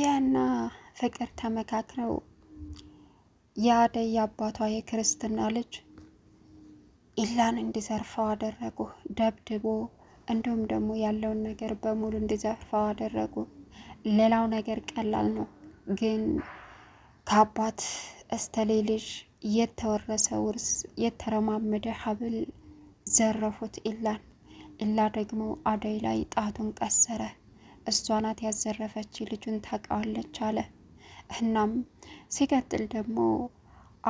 ሊዲያና ፍቅር ተመካክረው የአደይ አባቷ የክርስትና ልጅ ኢላን እንዲዘርፈው አደረጉ። ደብድቦ እንዲሁም ደግሞ ያለውን ነገር በሙሉ እንዲዘርፈው አደረጉ። ሌላው ነገር ቀላል ነው፣ ግን ከአባት እስተሌ ልጅ የተወረሰ ውርስ የተረማመደ ሀብል ዘረፉት ኢላን። ኢላ ደግሞ አደይ ላይ ጣቱን ቀሰረ። እሷ ናት ያዘረፈች ልጁን ታውቃዋለች አለ። እናም ሲቀጥል ደግሞ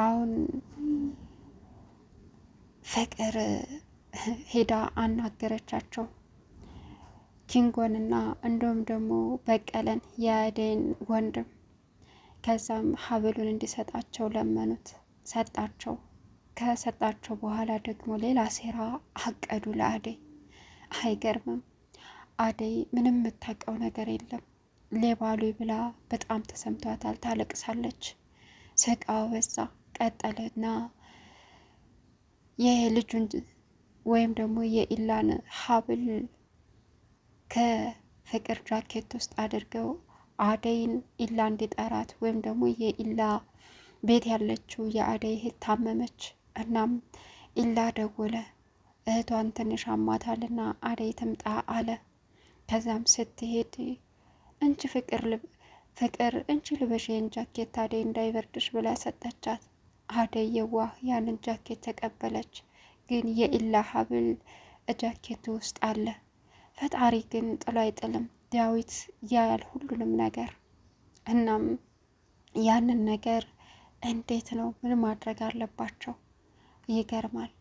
አሁን ፍቅር ሄዳ አናገረቻቸው ኪንጎንና እንዲሁም ደግሞ በቀለን የአደይን ወንድም። ከዛም ሀብሉን እንዲሰጣቸው ለመኑት፣ ሰጣቸው። ከሰጣቸው በኋላ ደግሞ ሌላ ሴራ አቀዱ ለአደይ አይገርምም? አደይ ምንም የምታውቀው ነገር የለም። ሌባሉ ብላ በጣም ተሰምቷታል፣ ታለቅሳለች። ስቃው በዛ ቀጠለና የልጁን ወይም ደግሞ የኢላን ሀብል ከፍቅር ጃኬት ውስጥ አድርገው አደይን ኢላ እንዲጠራት ወይም ደግሞ የኢላ ቤት ያለችው የአደይ እህት ታመመች። እናም ኢላ ደወለ እህቷን ትንሽ አሟታልና አደይ ትምጣ አለ። ከዛም ስትሄድ እንቺ ፍቅር ፍቅር እንቺ ይህን ጃኬት አደይ እንዳይበርድሽ ብላ ሰጠቻት። አደይ የዋህ ያንን ጃኬት ተቀበለች። ግን የኢላ ሀብል ጃኬቱ ውስጥ አለ። ፈጣሪ ግን ጥሎ አይጥልም። ዳዊት ያያል ሁሉንም ነገር። እናም ያንን ነገር እንዴት ነው ምን ማድረግ አለባቸው? ይገርማል።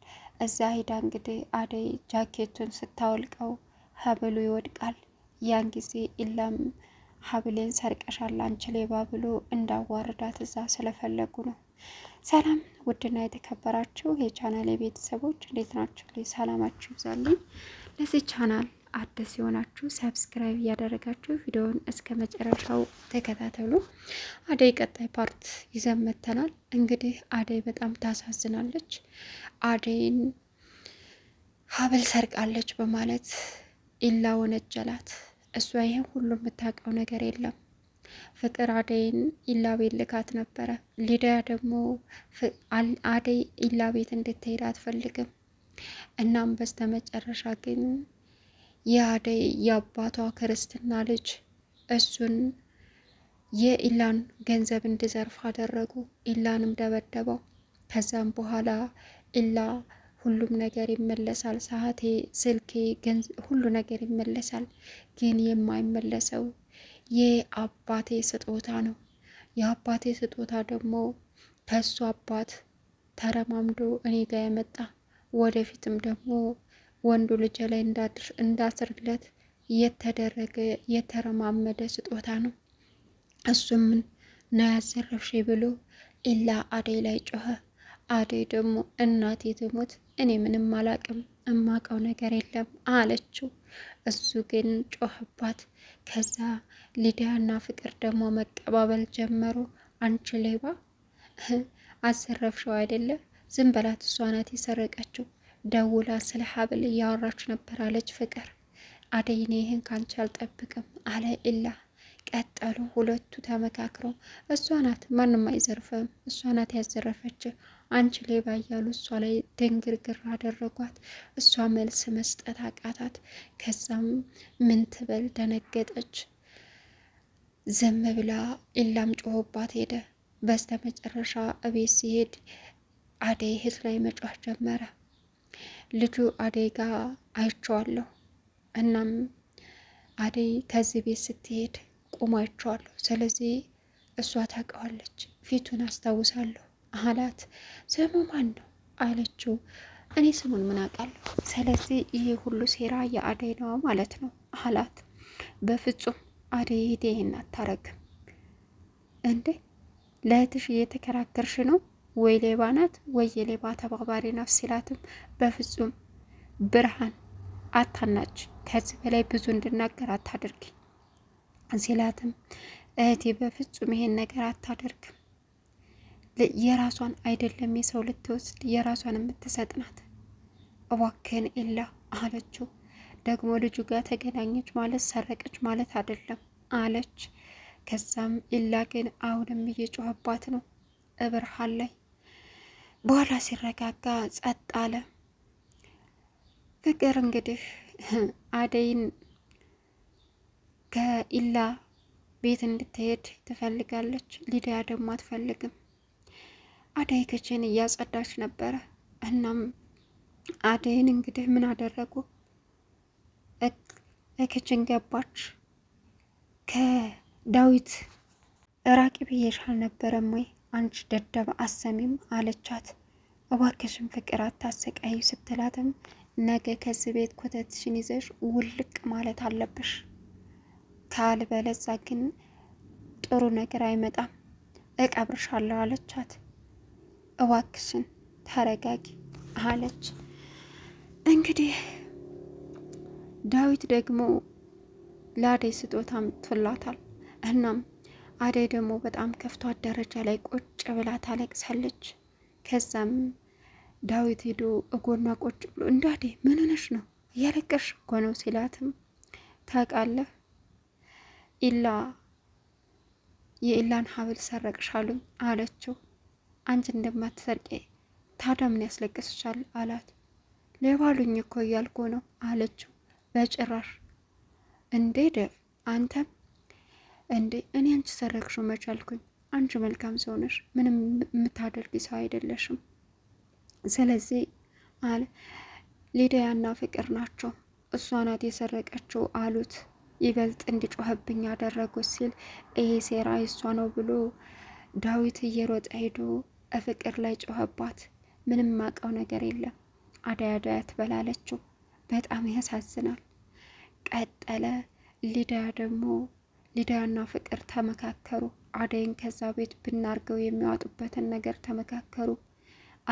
እዛ ሂዳ እንግዲህ አደይ ጃኬቱን ስታወልቀው ሀብሉ ይወድቃል። ያን ጊዜ ኢላም ሀብሌን ሰርቀሻል አንቺ ሌባ ብሎ እንዳዋርዳት እዛ ስለፈለጉ ነው። ሰላም ውድና የተከበራችሁ የቻናል የቤተሰቦች እንዴት ናችሁ? ላይ ሰላማችሁ ይብዛልኝ። ለዚህ ቻናል አዲስ የሆናችሁ ሰብስክራይብ እያደረጋችሁ ቪዲዮውን እስከ መጨረሻው ተከታተሉ። አደይ ቀጣይ ፓርት ይዘን መጥተናል። እንግዲህ አደይ በጣም ታሳዝናለች። አደይን ሀብል ሰርቃለች በማለት ኢላ ወነጀላት። እሷ ይህን ሁሉ የምታውቀው ነገር የለም። ፍቅር አደይን ኢላ ቤት ልካት ነበረ። ሊዲያ ደግሞ አደይ ኢላ ቤት እንድትሄድ አትፈልግም። እናም በስተመጨረሻ ግን የአደይ የአባቷ ክርስትና ልጅ እሱን የኢላን ገንዘብ እንዲዘርፍ አደረጉ። ኢላንም ደበደበው። ከዛም በኋላ ኢላ ሁሉም ነገር ይመለሳል፣ ሰዓቴ፣ ስልኬ፣ ሁሉ ነገር ይመለሳል። ግን የማይመለሰው የአባቴ ስጦታ ነው። የአባቴ ስጦታ ደግሞ ከሱ አባት ተረማምዶ እኔ ጋር የመጣ ወደፊትም ደግሞ ወንዱ ልጅ ላይ እንዳስርለት የተደረገ የተረማመደ ስጦታ ነው። እሱም ምን ነው ያዘረፍሽ ብሎ ኢላ አደይ ላይ ጮኸ። አደይ ደግሞ እናቴ ትሙት እኔ ምንም አላቅም እማቀው ነገር የለም አለችው። እሱ ግን ጮህባት። ከዛ ሊዲያና ፍቅር ደግሞ መቀባበል ጀመሩ። አንቺ ሌባ አዘረፍሸው አይደለ? ዝም በላት፣ እሷ ናት የሰረቀችው። ደውላ ስለ ሀብል እያወራች ነበር አለች ፍቅር። አደይ እኔ ይህን ካንቺ አልጠብቅም አለ ኢላ። ቀጠሉ ሁለቱ ተመካክረው። እሷ ናት፣ ማንም አይዘርፍም፣ እሷ ናት ያዘረፈች አንቺ ሌባ እያሉ እሷ ላይ ደንግርግር አደረጓት። እሷ መልስ መስጠት አቃታት። ከዛም ምን ትበል ደነገጠች። ዝም ብላ ኢላም ጮሆባት ሄደ። በስተ መጨረሻ እቤት ሲሄድ አደይ እህት ላይ መጮህ ጀመረ። ልጁ አደይ ጋ አይቼዋለሁ። እናም አደይ ከዚህ ቤት ስትሄድ ቁሞ አይቼዋለሁ። ስለዚህ እሷ ታውቀዋለች፣ ፊቱን አስታውሳለሁ አላት። ስሙ ማን ነው አለችው። እኔ ስሙን ምን አውቃለሁ? ስለዚህ ይህ ሁሉ ሴራ የአደይ ነው ማለት ነው አላት። በፍጹም አደይ ሄዴ ይህን አታረግም እንዴ ለእህትሽ እየተከራከርሽ ነው ወይ ሌባ ናት ወይ የሌባ ተባባሪ ናት ሲላትም፣ በፍጹም ብርሃን አታናች፣ ከዚህ በላይ ብዙ እንድናገር አታደርግ ሲላትም፣ እህቴ በፍጹም ይሄን ነገር አታደርግም የራሷን አይደለም የሰው ልትወስድ የራሷን የምትሰጥ ናት። እባክህን ኤላ አለችው። ደግሞ ልጁ ጋር ተገናኘች ማለት ሰረቀች ማለት አይደለም አለች። ከዛም ኤላ ግን አሁንም እየጮኸባት ነው እብርሃን ላይ። በኋላ ሲረጋጋ ጸጥ አለ። ፍቅር እንግዲህ አደይን ከኢላ ቤት እንድትሄድ ትፈልጋለች። ሊዲያ ደግሞ አትፈልግም። አደይ ክችን እያጸዳች ነበረ። እናም አደይን እንግዲህ ምን አደረጉ? እክችን ገባች። ከዳዊት እራቂ ብዬሽ አልነበረም ወይ አንቺ ደደብ አሰሚም አለቻት። እባክሽን ፍቅር አታሰቃዩ ስትላትም ነገ ከዚህ ቤት ኮተትሽን ይዘሽ ውልቅ ማለት አለብሽ፣ ካልበለዛ ግን ጥሩ ነገር አይመጣም፣ እቀብርሻለሁ አለቻት። እዋክስን ተረጋጊ አለች። እንግዲህ ዳዊት ደግሞ ለአደይ ስጦታ አምጥቶላታል። እናም አደይ ደግሞ በጣም ከፍቷት ደረጃ ላይ ቁጭ ብላ ታለቅሳለች። ከዛም ዳዊት ሄዶ እጎና ቁጭ ብሎ እንደ አደይ ምን ሆነሽ ነው እያለቀሽ እኮ ነው ሲላትም ታውቃለህ ኢላ የኢላን ሀብል ሰረቅሻሉኝ አለችው። አንቺ እንደማትሰርቂ ታዲያ ምን ያስለቅስሻል አላት። ሌባሉኝ እኮ እያልኩ ነው አለችው። በጭራሽ እንዴ ደ አንተም እንዴ እኔ አንቺ ሰረቅሽው መቻልኩኝ አንቺ መልካም ሰው ነሽ፣ ምንም የምታደርጊ ሰው አይደለሽም። ስለዚህ አለ ሊዲያና ፍቅር ናቸው እሷ ናት የሰረቀችው አሉት። ይበልጥ እንዲጮህብኝ ያደረጉት ሲል ይሄ ሴራ የሷ ነው ብሎ ዳዊት እየሮጠ ሄዶ ፍቅር ላይ ጮኸባት። ምንም ማቀው ነገር የለም አዳይ አዳይ ትበላለችው። በጣም ያሳዝናል። ቀጠለ ሊዳ ደግሞ ሊዳና ፍቅር ተመካከሩ። አዳይን ከዛ ቤት ብናርገው የሚያወጡበትን ነገር ተመካከሩ።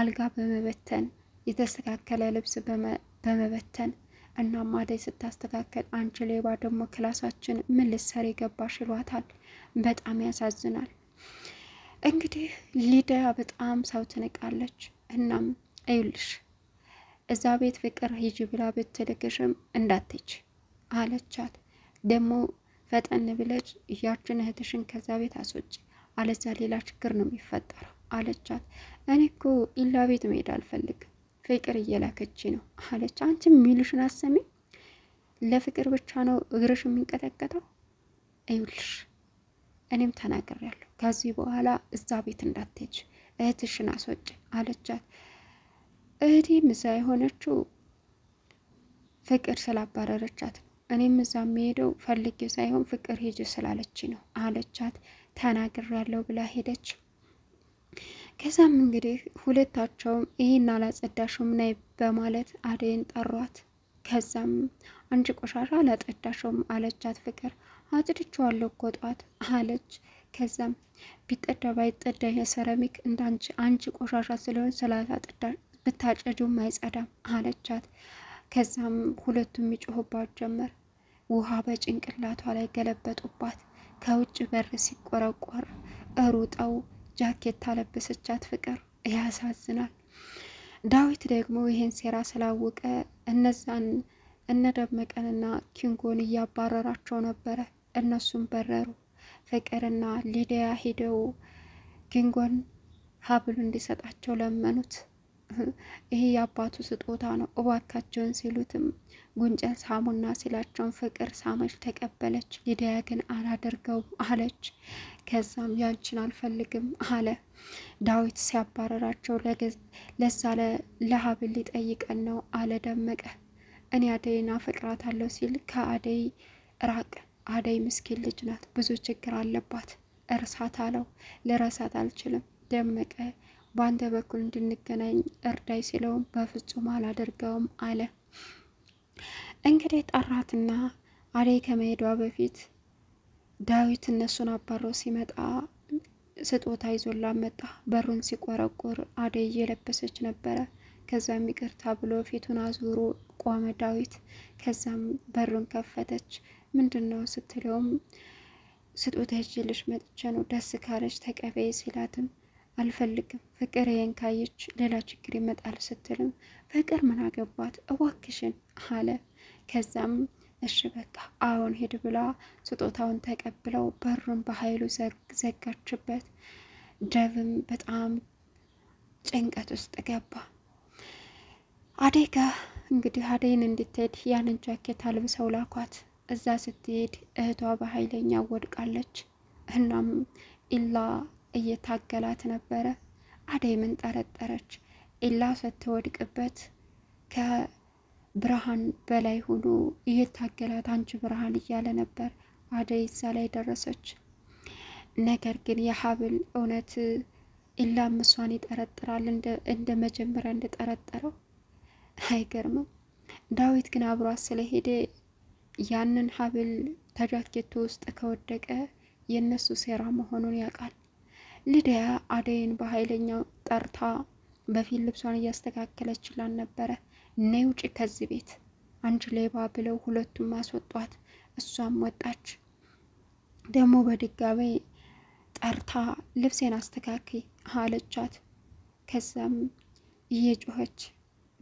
አልጋ በመበተን የተስተካከለ ልብስ በመበተን እናም አደይ ስታስተካከል አንቺ ሌባ ደግሞ ክላሳችን ምን ልትሰሪ ገባሽ ይሏታል። በጣም ያሳዝናል። እንግዲህ ሊዲያ በጣም ሰው ትንቃለች። እናም እዩልሽ እዛ ቤት ፍቅር ሂጂ ብላ ብትልክሽም እንዳትች አለቻት። ደግሞ ፈጠን ብለች እያችን እህትሽን ከዛ ቤት አስወጭ፣ አለዛ ሌላ ችግር ነው የሚፈጠረው አለቻት። እኔ እኮ ኢላ ቤት መሄድ አልፈልግም ፍቅር እየላከች ነው አለች። አንቺ የሚልሽን አሰሚ፣ ለፍቅር ብቻ ነው እግርሽ የሚንቀጠቀጠው። እዩልሽ እኔም ተናግሬያለሁ። ከዚህ በኋላ እዛ ቤት እንዳትሄጅ እህትሽን አስወጭ አለቻት። እህቴም እዛ የሆነችው ፍቅር ስላባረረቻት ነው። እኔም እዛ የሚሄደው ፈልጌ ሳይሆን ፍቅር ሄጅ ስላለች ነው አለቻት። ተናግሬያለሁ ብላ ሄደች። ከዛም እንግዲህ ሁለታቸውም ይህን አላጸዳሽውም ናይ በማለት አደይን ጠሯት። ከዛም አንቺ ቆሻሻ አላጸዳሽውም አለቻት ፍቅር አጽድቼዋለሁ እኮ ጠዋት አለች። ከዛም ቢጠዳ ባይጠዳ የሰራሚክ እንዳንቺ አንቺ ቆሻሻ ስለሆን ስላላጠዳ ብታጨጁም አይጸዳም አለቻት። ከዛም ሁለቱም የሚጮሁባት ጀመር። ውሃ በጭንቅላቷ ላይ ገለበጡባት። ከውጭ በር ሲቆረቆር እሩጠው ጃኬት ታለበሰቻት ፍቅር። ያሳዝናል። ዳዊት ደግሞ ይህን ሴራ ስላወቀ እነዛን እነ ደመቀንና ኪንጎን እያባረራቸው ነበረ። እነሱም በረሩ። ፍቅርና ሊዲያ ሂደው ጊንጎን ሀብሉ እንዲሰጣቸው ለመኑት። ይሄ የአባቱ ስጦታ ነው እባካቸውን ሲሉትም ጉንጨን ሳሙና ሲላቸውን ፍቅር ሳመች፣ ተቀበለች። ሊዲያ ግን አላደርገውም አለች። ከዛም ያንችን አልፈልግም አለ። ዳዊት ሲያባረራቸው ለዛ ለሀብል ሊጠይቀን ነው አለ ደመቀ። እኔ አደይና ፍቅራት አለው ሲል ከአደይ ራቅ አደይ ምስኪን ልጅ ናት፣ ብዙ ችግር አለባት። እርሳት አለው። ልረሳት አልችልም ደመቀ በአንተ በኩል እንድንገናኝ እርዳይ ሲለውም በፍጹም አላደርገውም አለ። እንግዲህ ጠራትና አደይ ከመሄዷ በፊት ዳዊት እነሱን አባሮ ሲመጣ ስጦታ ይዞላ መጣ። በሩን ሲቆረቁር አደይ እየለበሰች ነበረ። ከዛም ይቅርታ ብሎ ፊቱን አዙሮ ቆመ ዳዊት። ከዛም በሩን ከፈተች። ምንድን ነው ስትለውም ስጦታ ይዤልሽ መጥቼ ነው፣ ደስ ካለች ተቀበይ ሲላትም አልፈልግም ፍቅር የንካየች ካየች ሌላ ችግር ይመጣል ስትልም ፍቅር ምን አገባት እዋክሽን አለ። ከዛም እሺ በቃ አሁን ሄድ ብላ ስጦታውን ተቀብለው በሩን በኃይሉ ዘጋችበት። ደብም በጣም ጭንቀት ውስጥ ገባ። አዴጋ እንግዲህ አደይን እንድትሄድ ያንን ጃኬት አልብሰው ላኳት። እዛ ስትሄድ እህቷ በኃይለኛ ወድቃለች። እናም ኢላ እየታገላት ነበረ። አደይ ምን ጠረጠረች? ኢላ ስትወድቅበት ከብርሃን በላይ ሆኖ እየታገላት አንቺ ብርሃን እያለ ነበር። አደይ እዛ ላይ ደረሰች። ነገር ግን የሀብል እውነት ኢላም እሷን ይጠረጥራል እንደ መጀመሪያ እንደጠረጠረው አይገርምም። ዳዊት ግን አብሯት ስለሄደ ያንን ሀብል ተጃኬቱ ውስጥ ከወደቀ የእነሱ ሴራ መሆኑን ያውቃል። ልዲያ አደይን በኃይለኛው ጠርታ በፊት ልብሷን እያስተካከለች ላን ነበረ። ነይ ውጪ ከዚህ ቤት አንቺ ሌባ ብለው ሁለቱም አስወጧት። እሷም ወጣች። ደግሞ በድጋሚ ጠርታ ልብሴን አስተካኪ አለቻት። ከዛም እየጮኸች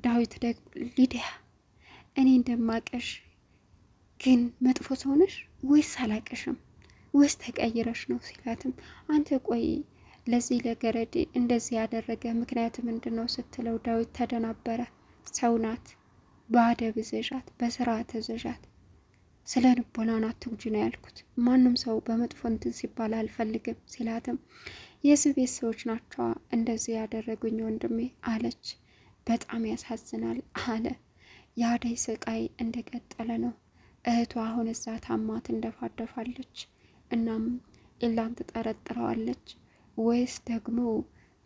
ዳዊት ደግሞ ሊዲያ እኔ እንደማቀሽ ግን መጥፎ ሰው ነሽ ወይስ አላቅሽም ወይስ ተቀይረሽ ነው ሲላትም አንተ ቆይ ለዚህ ለገረድ እንደዚህ ያደረገ ምክንያት ምንድን ነው ስትለው ዳዊት ተደናበረ። ሰው ናት፣ በአደብ ዘዣት፣ በስርዓት እዘዣት፣ ስለ ልቦናን አትጉጂ ነው ያልኩት። ማንም ሰው በመጥፎ እንትን ሲባል አልፈልግም ሲላትም የዚህ ቤት ሰዎች ናቸዋ እንደዚህ ያደረጉኝ ወንድሜ አለች። በጣም ያሳዝናል አለ። የአደይ ስቃይ እንደቀጠለ ነው። እህቷ አሁን እዛ ታማ ትንደፋደፋለች። እናም ኤላን ትጠረጥረዋለች ወይስ ደግሞ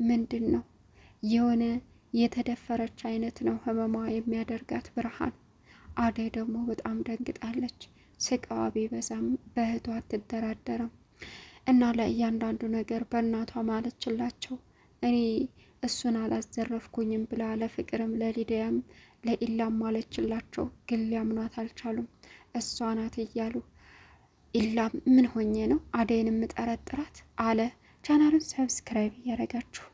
ምንድን ነው የሆነ የተደፈረች አይነት ነው ህመሟ የሚያደርጋት። ብርሃን አደይ ደግሞ በጣም ደንግጣለች። ስቃዋ ቢበዛም በእህቷ አትደራደረም። እና ለእያንዳንዱ ነገር በእናቷ ማለችላቸው። እኔ እሱን አላዘረፍኩኝም ብላ ለፍቅርም ለሊዲያም ለኢላም ማለችላቸው፣ ግን ሊያምኗት አልቻሉም። እሷ ናት እያሉ ኢላም ምን ሆኜ ነው አደይን የምጠረጥራት አለ። ቻናሉን ሰብስክራይብ እያደረጋችሁ